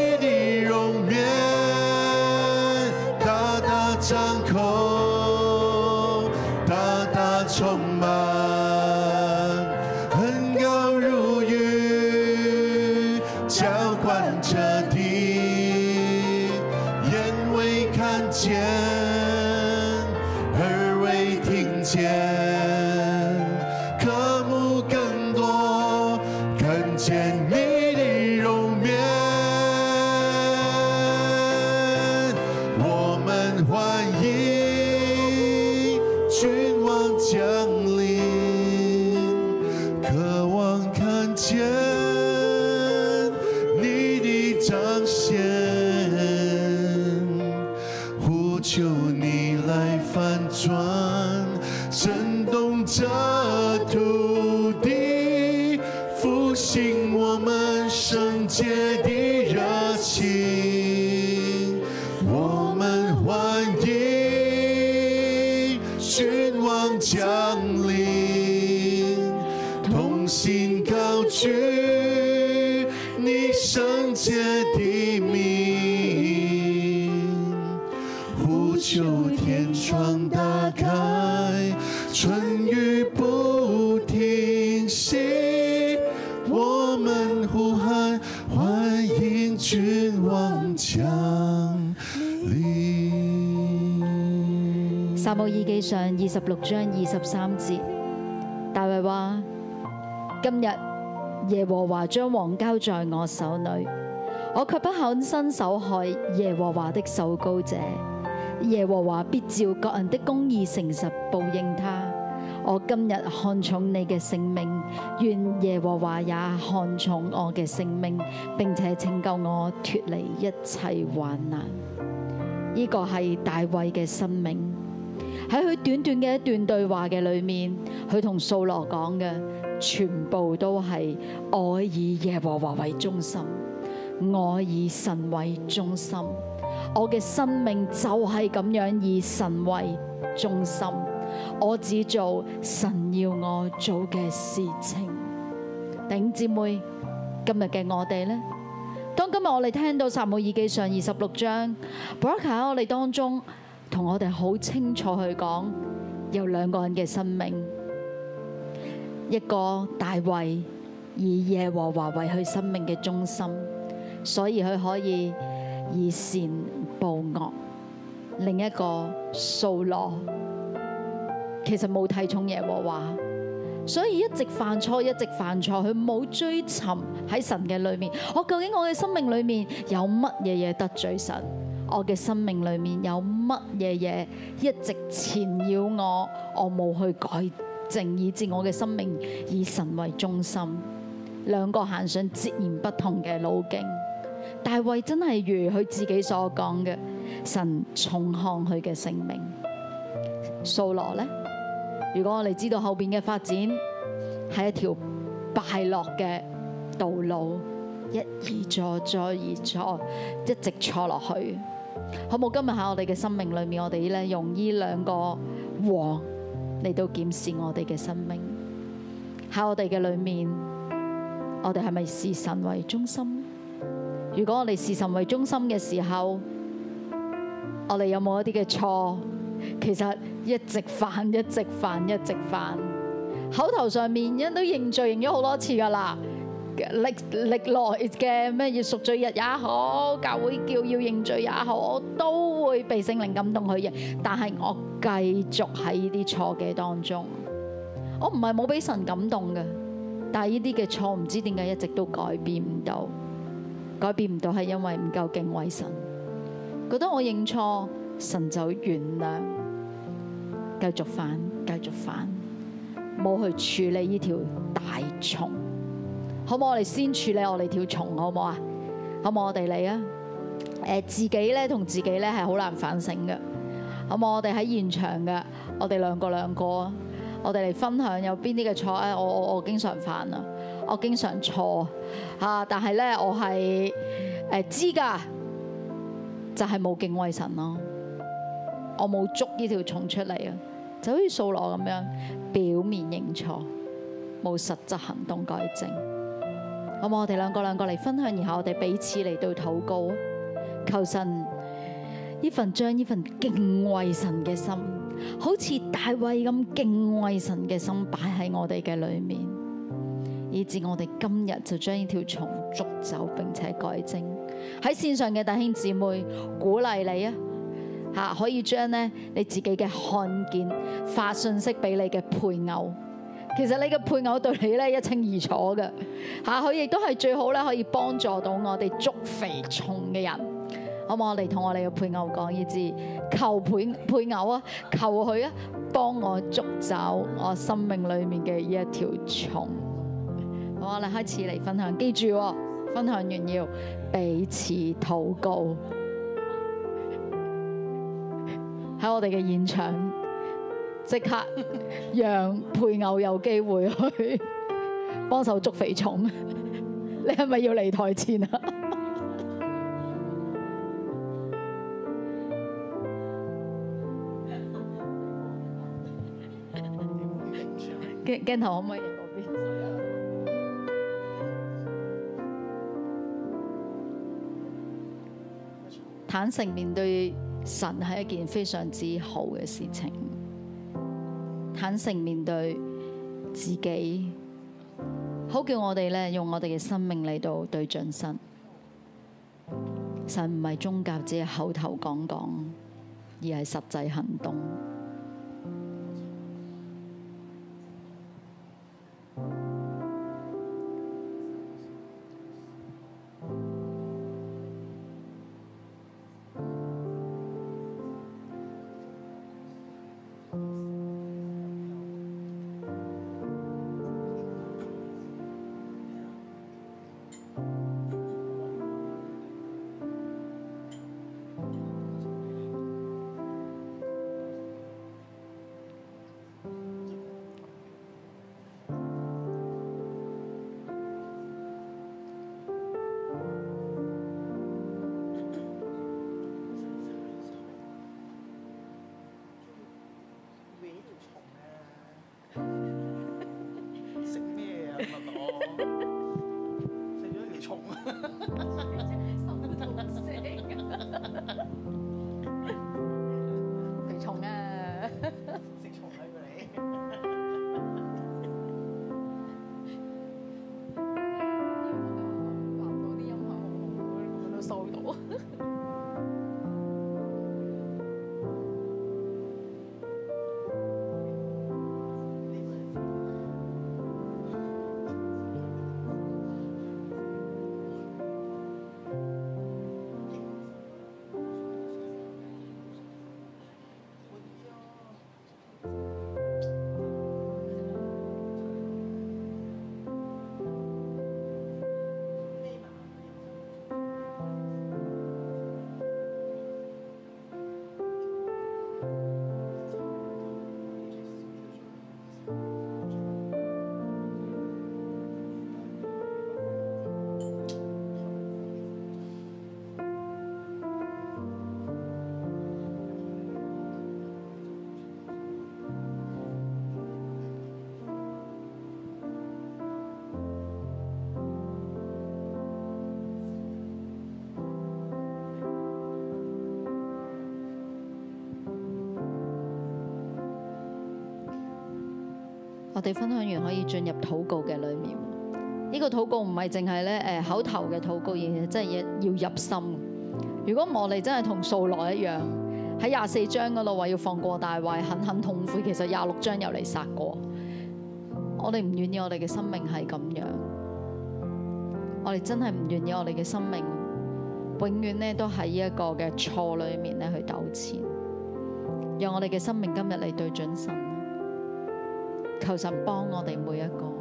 十六章二十三節，大衛話：今日耶和華將王交在我手裏，我卻不肯伸手害耶和華的受膏者。耶和華必照各人的公義誠實報應他。我今日看重你嘅性命，願耶和華也看重我嘅性命，並且拯救我脱離一切患難。呢個係大衛嘅生命。喺佢短短嘅一段對話嘅裏面，佢同掃羅講嘅全部都係我以耶和華為中心，我以神為中心，我嘅生命就係咁樣以神為中心，我只做神要我做嘅事情。頂姊妹，今日嘅我哋呢，當今日我哋聽到撒母耳記上二十六章，伯拉卡喺我哋當中。同我哋好清楚去講，有兩個人嘅生命，一個大衛以耶和華為佢生命嘅中心，所以佢可以以善報惡；另一個掃羅其實冇睇重耶和華，所以一直犯錯，一直犯錯。佢冇追尋喺神嘅裏面，我究竟我嘅生命裏面有乜嘢嘢得罪神？我嘅生命裏面有乜嘢嘢一直纏繞我，我冇去改正，以致我嘅生命以神為中心，兩個行上截然不同嘅路徑。大衛真係如佢自己所講嘅，神重看佢嘅性命。掃羅呢，如果我哋知道後邊嘅發展係一條敗落嘅道路，一而錯再而錯，一直錯落去。好冇？今日喺我哋嘅生命，裡，生命裡面，我哋咧用呢兩個王嚟到檢視我哋嘅生命。喺我哋嘅裡面，我哋係咪視神為中心？如果我哋視神為中心嘅時候，我哋有冇一啲嘅錯？其實一直犯，一直犯，一直犯。口頭上面因都認罪認咗好多次噶啦。歷歷來嘅咩要贖罪日也好，教會叫要認罪也好，我都會被聖靈感動去認。但係我繼續喺呢啲錯嘅當中，我唔係冇俾神感動嘅，但係呢啲嘅錯唔知點解一直都改變唔到，改變唔到係因為唔夠敬畏神，覺得我認錯神就原諒，繼續犯繼續犯，冇去處理呢條大蟲。好冇，我哋先處理我哋條蟲，好冇啊？好冇，好冇？我哋嚟啊？誒自己咧同自己咧係好難反省嘅。好冇？我哋喺現場嘅，我哋兩個兩個，我哋嚟分享有邊啲嘅錯咧？我我我經常犯啊，我經常錯啊，但係咧我係誒知㗎，就係冇敬畏神咯。我冇捉呢條蟲出嚟啊，就好似掃羅咁樣表面認錯，冇實質行動改正。咁我哋兩個兩個嚟分享，然後我哋彼此嚟到禱告，求神呢份將呢份敬畏神嘅心，好似大衛咁敬畏神嘅心擺喺我哋嘅裏面，以至我哋今日就將呢條蟲捉走，並且改正。喺綫上嘅弟兄姊妹鼓勵，鼓勵你啊，吓可以將你自己嘅看見發信息俾你嘅配偶。其實你嘅配偶對你咧一清二楚嘅，吓佢亦都係最好咧，可以幫助到我哋捉肥蟲嘅人，好冇？我哋同我哋嘅配偶講一聲，求配偶啊，求佢啊，幫我捉走我生命裏面嘅一條蟲。好，我哋開始嚟分享，記住，分享完要彼此禱告，喺我哋嘅現場。即刻讓配偶有機會去幫手捉肥蟲，你係咪要離台前啊？鏡 *music* 鏡頭可唔可以影嗰邊？ *music* 坦誠面對神係一件非常之好嘅事情。坦誠面對自己，好叫我哋咧用我哋嘅生命嚟到對準神。神唔係宗教，只係口頭講講，而係實際行動。我哋分享完可以進入禱告嘅裏面，呢個禱告唔係淨係咧誒口頭嘅禱告，而係真係要入心。如果我哋真係同掃羅一樣，喺廿四章嗰度話要放過大衛，狠狠痛悔，其實廿六章又嚟殺過。我哋唔願意我哋嘅生命係咁樣，我哋真係唔願意我哋嘅生命永遠咧都喺呢一個嘅錯裏面咧去糾纏。讓我哋嘅生命今日嚟對準神。求神幫我哋每一個，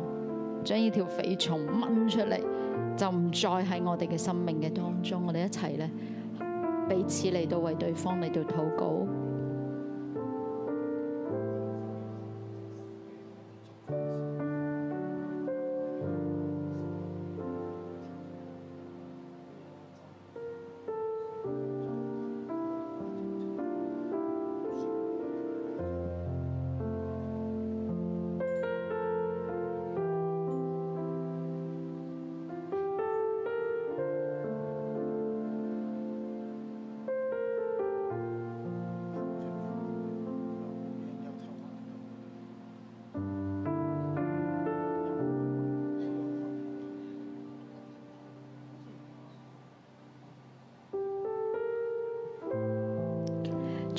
將呢條肥蟲掹出嚟，就唔再喺我哋嘅生命嘅當中。我哋一齊咧，彼此嚟到為對方嚟到禱告。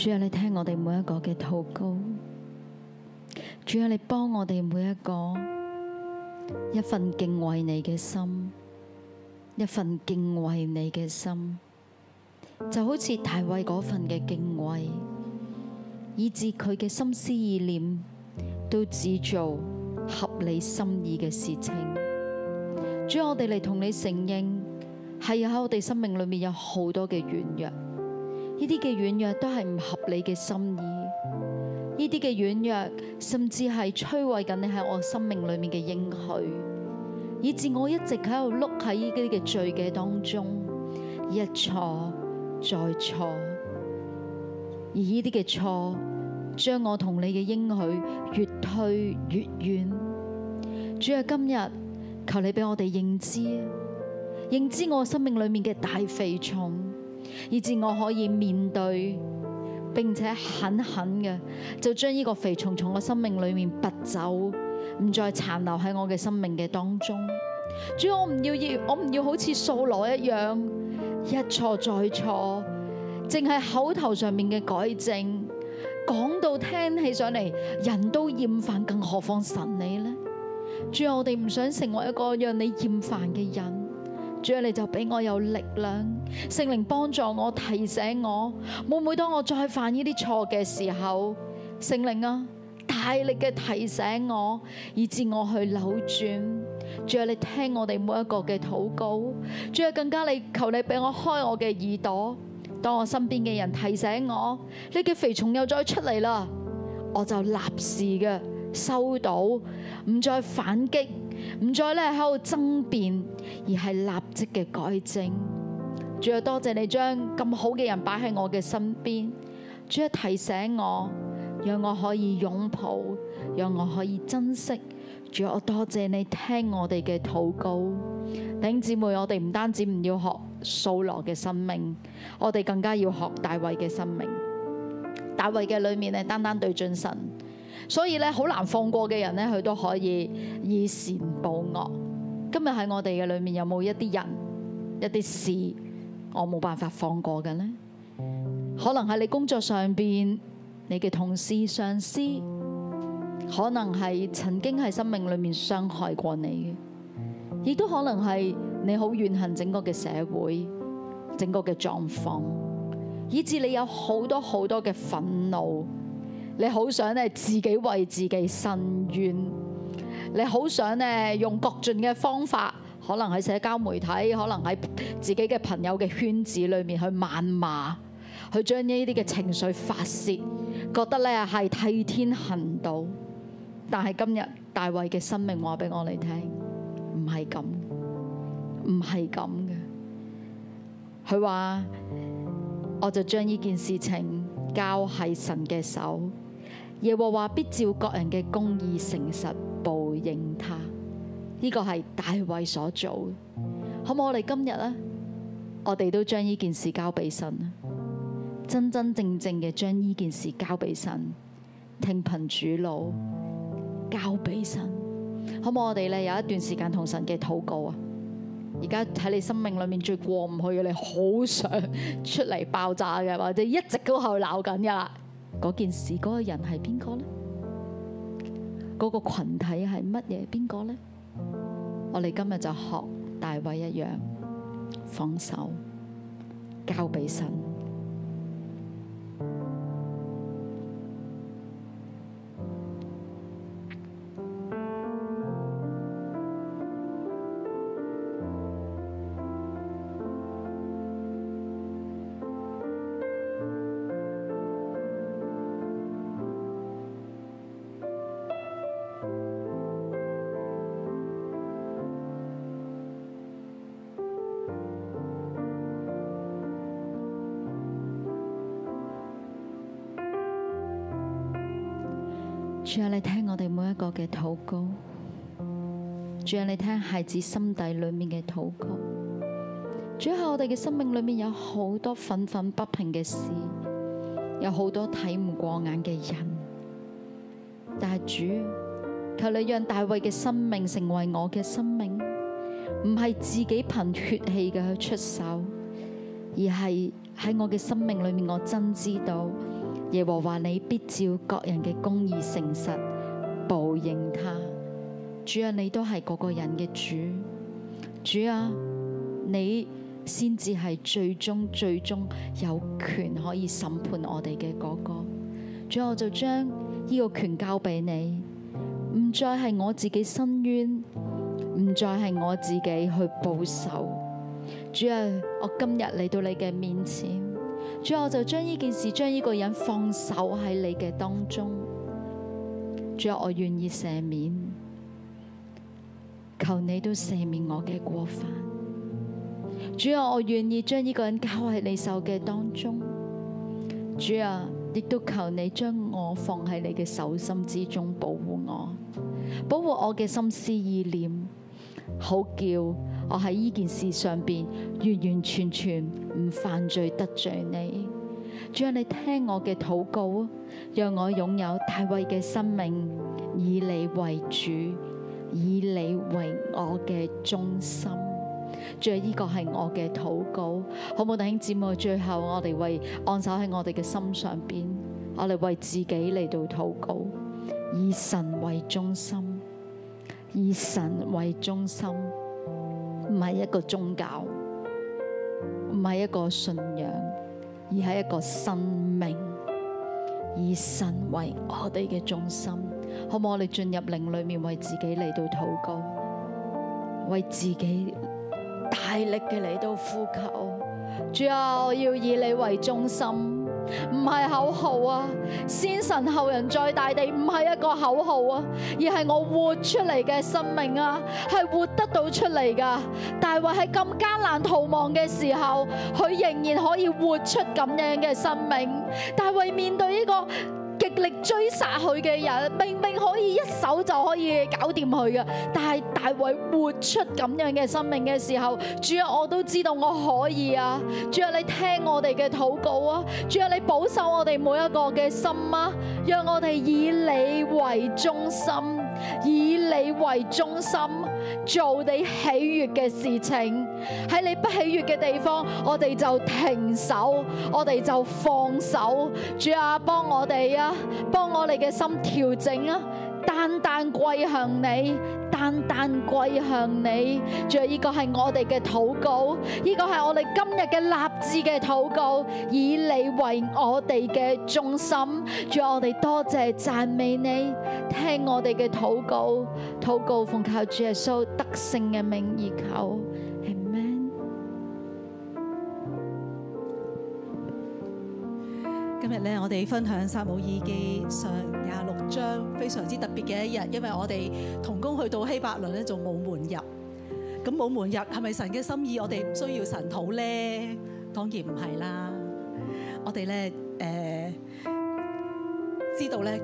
主啊，你聽我哋每一個嘅禱告。主啊，你幫我哋每一個一份敬畏你嘅心，一份敬畏你嘅心，就好似大衛嗰份嘅敬畏，以至佢嘅心思意念都只做合你心意嘅事情。主啊，我哋嚟同你承認，係喺我哋生命裏面有好多嘅軟弱。呢啲嘅軟弱都係唔合理嘅心意，呢啲嘅軟弱甚至係摧毀緊你喺我生命裏面嘅應許，以至我一直喺度碌喺呢啲嘅罪嘅當中，一錯再錯，而呢啲嘅錯將我同你嘅應許越推越遠。主啊，今日求你俾我哋認知，認知我生命裏面嘅大肥蟲。以至我可以面對，並且狠狠嘅，就將呢個肥蟲從我生命裏面拔走，唔再殘留喺我嘅生命嘅當中。主啊，我唔要要，我唔要好似掃羅一樣一錯再錯，淨係口頭上面嘅改正，講到聽起上嚟人都厭煩，更何況神你咧？主啊，我哋唔想成為一個讓你厭煩嘅人。主啊，你就俾我有力量，聖靈幫助我，提醒我，每每當我再犯呢啲錯嘅時候，聖靈啊，大力嘅提醒我，以致我去扭轉。主啊，你聽我哋每一個嘅禱告。主啊，更加你求你俾我開我嘅耳朵，當我身邊嘅人提醒我，你嘅肥蟲又再出嚟啦，我就立時嘅收到，唔再反擊。唔再咧喺度爭辯，而係立即嘅改正。主啊，多謝你將咁好嘅人擺喺我嘅身邊。主啊，提醒我，讓我可以擁抱，讓我可以珍惜。主啊，多謝你聽我哋嘅禱告。弟兄姊妹，我哋唔單止唔要學掃羅嘅生命，我哋更加要學大衛嘅生命。大衛嘅裏面係，單單對準神。所以咧，好難放過嘅人咧，佢都可以以善報惡。今日喺我哋嘅裏面，有冇一啲人、一啲事，我冇辦法放過嘅呢？可能喺你工作上邊，你嘅同事、上司，可能係曾經喺生命裏面傷害過你嘅，亦都可能係你好怨恨整個嘅社會、整個嘅狀況，以至你有好多好多嘅憤怒。你好想咧自己為自己申冤，你好想咧用各盡嘅方法，可能喺社交媒體，可能喺自己嘅朋友嘅圈子裏面去謾罵，去將呢啲嘅情緒發洩，覺得咧係替天行道。但係今日大衛嘅生命話俾我哋聽，唔係咁，唔係咁嘅。佢話我就將呢件事情交喺神嘅手。耶和華必照各人嘅公義誠實報應他，呢個係大衛所做嘅。好唔好，我哋今日咧，我哋都將呢件事交俾神，真真正正嘅將呢件事交俾神，聽憑主怒交俾神。好唔好，我哋咧有一段時間同神嘅禱告啊？而家喺你生命裏面最過唔去嘅，你好想出嚟爆炸嘅，或者一直都喺度鬧緊噶啦。嗰件事，嗰個人係邊個咧？嗰個羣體係乜嘢？邊個呢？我哋今日就學大衛一樣，放手交俾神。主，讓你睇孩子心底裏面嘅禱告。主，我哋嘅生命裏面有好多憤憤不平嘅事，有好多睇唔過眼嘅人。但係主，求你讓大衛嘅生命成為我嘅生命，唔係自己憑血氣嘅去出手，而係喺我嘅生命裏面，我真知道耶和華你必照各人嘅公義誠實報應他。主啊，你都係嗰個人嘅主，主啊，你先至係最終最終有權可以審判我哋嘅嗰個。主啊，我就將呢個權交俾你，唔再係我自己伸冤，唔再係我自己去報仇。主啊，我今日嚟到你嘅面前。主啊，我就將呢件事，將呢個人放手喺你嘅當中。主啊，我願意赦免。求你都赦免我嘅過犯，主啊，我願意將呢個人交喺你手嘅當中。主啊，亦都求你將我放喺你嘅手心之中保護我，保護我嘅心思意念，好叫我喺呢件事上邊完完全全唔犯罪得罪你。主啊，你聽我嘅禱告，讓我擁有大衛嘅生命，以你為主。以你為我嘅中心，最後，呢個係我嘅禱告，好冇？好，弟兄姊妹。最後我哋為按手喺我哋嘅心上邊，我哋為自己嚟到禱告，以神為中心，以神為中心，唔係一個宗教，唔係一個信仰，而係一個生命，以神為我哋嘅中心。可唔可以我哋進入靈裏面為自己嚟到禱告，為自己大力嘅嚟到呼求，主啊，我要以你為中心，唔係口號啊，先神後人再大地，唔係一個口號啊，而係我活出嚟嘅生命啊，係活得到出嚟噶。大衛喺咁艱難逃亡嘅時候，佢仍然可以活出咁樣嘅生命，大衛面對呢個極力追殺佢嘅人，明明可以一手就可以搞掂佢嘅，但係大衛活出咁樣嘅生命嘅時候，主啊，我都知道我可以啊！主啊，你聽我哋嘅禱告啊！主啊，你保守我哋每一個嘅心啊！讓我哋以你為中心，以你為中心。做你喜悅嘅事情，喺你不喜悅嘅地方，我哋就停手，我哋就放手。主啊，幫我哋啊，幫我哋嘅心調整啊！單單歸向你，單單歸向你。仲有呢個係我哋嘅禱告，呢個係我哋今日嘅立志嘅禱告，以你為我哋嘅中心。仲有，我哋多謝讚美你，聽我哋嘅禱告，禱告奉靠主耶穌得勝嘅名而求。今日咧，我哋分享撒母耳記上廿六章，非常之特別嘅一日，因為我哋同工去到希伯倫咧，仲冇門入。咁冇門入係咪神嘅心意？我哋唔需要神土咧，當然唔係啦。我哋咧，誒，知道咧，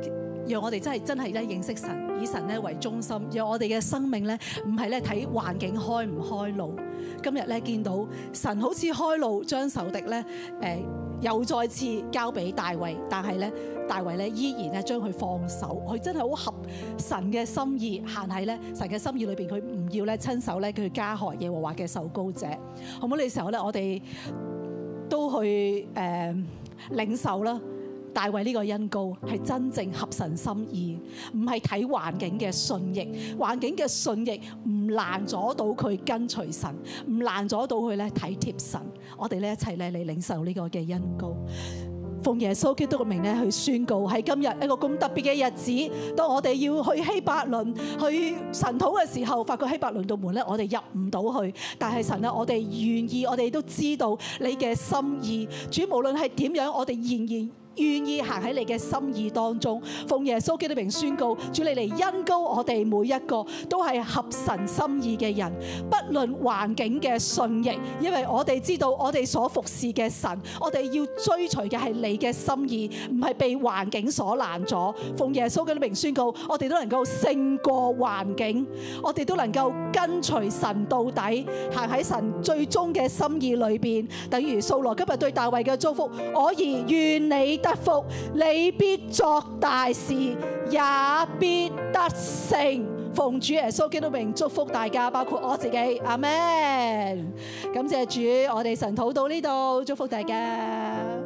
讓我哋真係真係咧認識神，以神咧為中心，讓我哋嘅生命咧，唔係咧睇環境開唔開路。今日咧見到神好似開路，將仇敵咧，誒。又再次交俾大衛，但係呢，大衛咧依然咧將佢放手，佢真係好合神嘅心意。但係咧，神嘅心意裏面。佢唔要咧親手咧去加害耶和華嘅受膏者。好唔好呢個時候呢，我哋都去誒、呃、領受啦。大衛呢個恩膏係真正合神心意，唔係睇環境嘅順逆，環境嘅順逆唔難阻到佢跟隨神，唔難阻到佢咧體貼神。我哋呢一齊咧嚟領受呢個嘅恩膏，奉耶穌基督嘅名咧去宣告，喺今日一個咁特別嘅日子，當我哋要去希伯倫去神土嘅時候，發覺希伯倫道門咧我哋入唔到去，但係神啊，我哋願意，我哋都知道你嘅心意，主無論係點樣，我哋仍然，然。願意行喺你嘅心意當中，奉耶穌基督名宣告，主你嚟，恩膏我哋每一個都係合神心意嘅人，不論環境嘅順逆，因為我哋知道我哋所服侍嘅神，我哋要追隨嘅係你嘅心意，唔係被環境所攔阻。奉耶穌基督名宣告，我哋都能夠勝過環境，我哋都能夠跟隨神到底，行喺神最終嘅心意裏邊。等於掃羅今日對大衛嘅祝福，我而願你。祝福，你必作大事，也必得勝。奉主耶穌基督名祝福大家，包括我自己。阿們，感謝主，我哋神土到呢度，祝福大家。